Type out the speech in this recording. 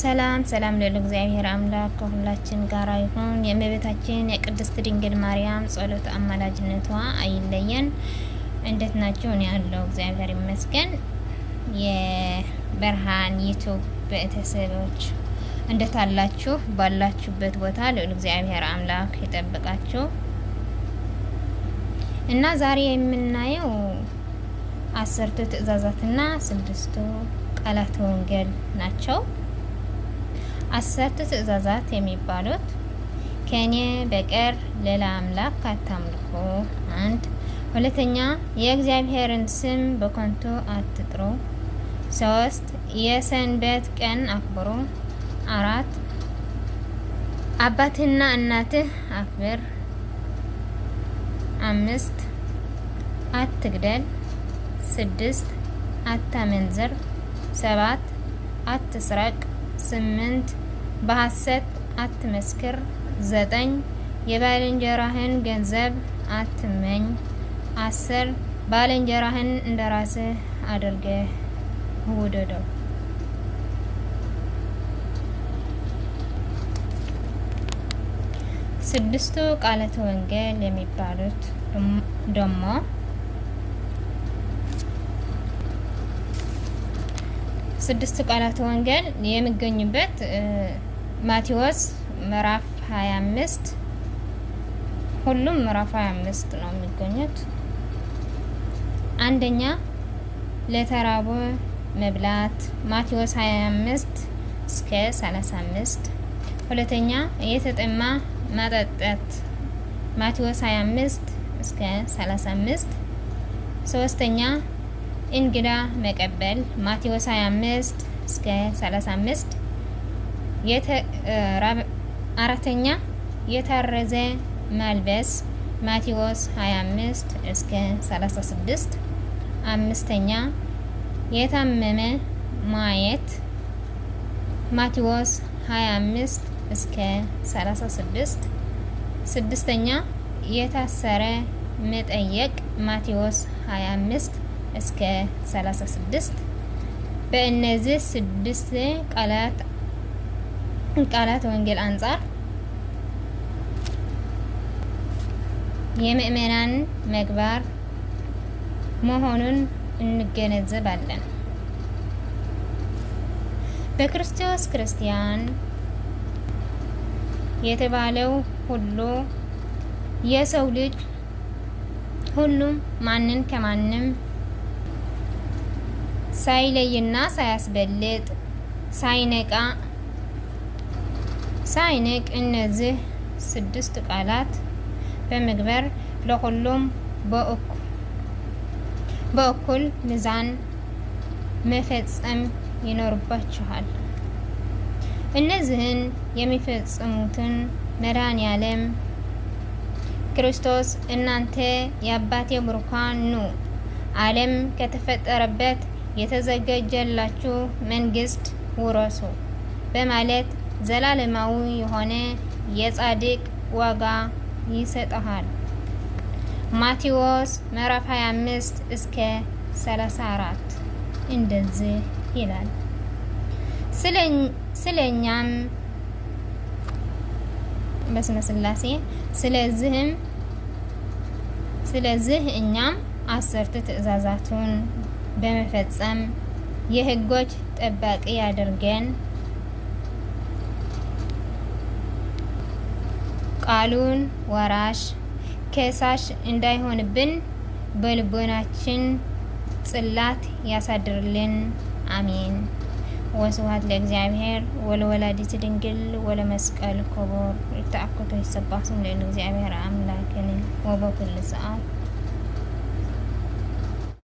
ሰላም ሰላም ለሉ እግዚአብሔር አምላክ ከሁላችን ጋር ይሁን። የእመቤታችን የቅድስት ድንግል ማርያም ጸሎት አማላጅነቷ አይለየን። እንዴት ናቸው? እኔ ያለው እግዚአብሔር ይመስገን። የበርሃን ዩቱብ ቤተሰቦች እንዴት አላችሁ? ባላችሁበት ቦታ ልዑል እግዚአብሔር አምላክ ይጠብቃችሁ እና ዛሬ የምናየው አስርቱ ትእዛዛትና ስድስቱ ቃላት ወንጌል ናቸው። አስርቱ ትእዛዛት የሚባሉት ከእኔ በቀር ሌላ አምላክ አታምልኩ፣ አንድ። ሁለተኛ የእግዚአብሔርን ስም በከንቱ አትጥሩ፣ ሶስት። የሰንበት ቀን አክብሩ፣ አራት። አባትህና እናትህ አክብር፣ አምስት። አትግደል፣ ስድስት። አታመንዝር፣ ሰባት። አትስረቅ፣ ስምንት በሐሰት አትመስክር። ዘጠኝ የባልንጀራህን ገንዘብ አትመኝ። አስር ባልንጀራህን እንደ ራስህ አድርገህ ውደደው። ስድስቱ ቃላተ ወንጌል የሚባሉት ደሞ ስድስቱ ቃላተ ወንጌል የሚገኙበት ማቴዎስ ምዕራፍ 25 ሁሉም ምዕራፍ 25 ነው የሚገኙት። አንደኛ ለተራቦ መብላት ማቴዎስ 25 እስከ 35። ሁለተኛ የተጠማ ማጠጣት ማቴዎስ 25 እስከ 35። ሶስተኛ እንግዳ መቀበል ማቴዎስ 25 እስከ 35። አራተኛ የታረዘ ማልበስ ማቴዎስ 25 እስከ 36። አምስተኛ የታመመ ማየት ማቴዎስ 25 እስከ 36። ስድስተኛ የታሰረ መጠየቅ ማቴዎስ 25 እስከ 36። በእነዚህ ስድስት ቃላት ቃላት ወንጌል አንጻር የምእመናን መግባር መሆኑን እንገነዘባለን። በክርስቶስ ክርስቲያን የተባለው ሁሉ የሰው ልጅ ሁሉም ማንን ከማንም ሳይለይና ሳያስበልጥ ሳይነቃ ሳይንቅ እነዚህ ስድስት ቃላት በመግበር ለሁሉም በእኩል ሚዛን መፈጸም ይኖርባችኋል። እነዚህን የሚፈጽሙትን መድኃኔዓለም ክርስቶስ እናንተ የአባቴ ቡሩካን ኑ፣ ዓለም ከተፈጠረበት የተዘጋጀላችሁ መንግስት ውረሱ በማለት ዘላለማዊ የሆነ የጻድቅ ዋጋ ይሰጠሃል። ማቴዎስ ምዕራፍ 25 እስከ 34 እንደዚህ ይላል። ስለኛም በስመ ስላሴ ስለዚህም ስለዚህ እኛም አስርት ትእዛዛቱን በመፈጸም የህጎች ጠባቂ ያደርገን ቃሉን ወራሽ ከሳሽ እንዳይሆንብን በልቦናችን ጽላት ያሳድርልን። አሜን። ወስብሐት ለእግዚአብሔር ወለወላዲት ድንግል ወለመስቀል ክቡር ይትአኮቶ ይትሰብሐ ስሙ ለእግዚአብሔር አምላክን ወበኩል ሰዓት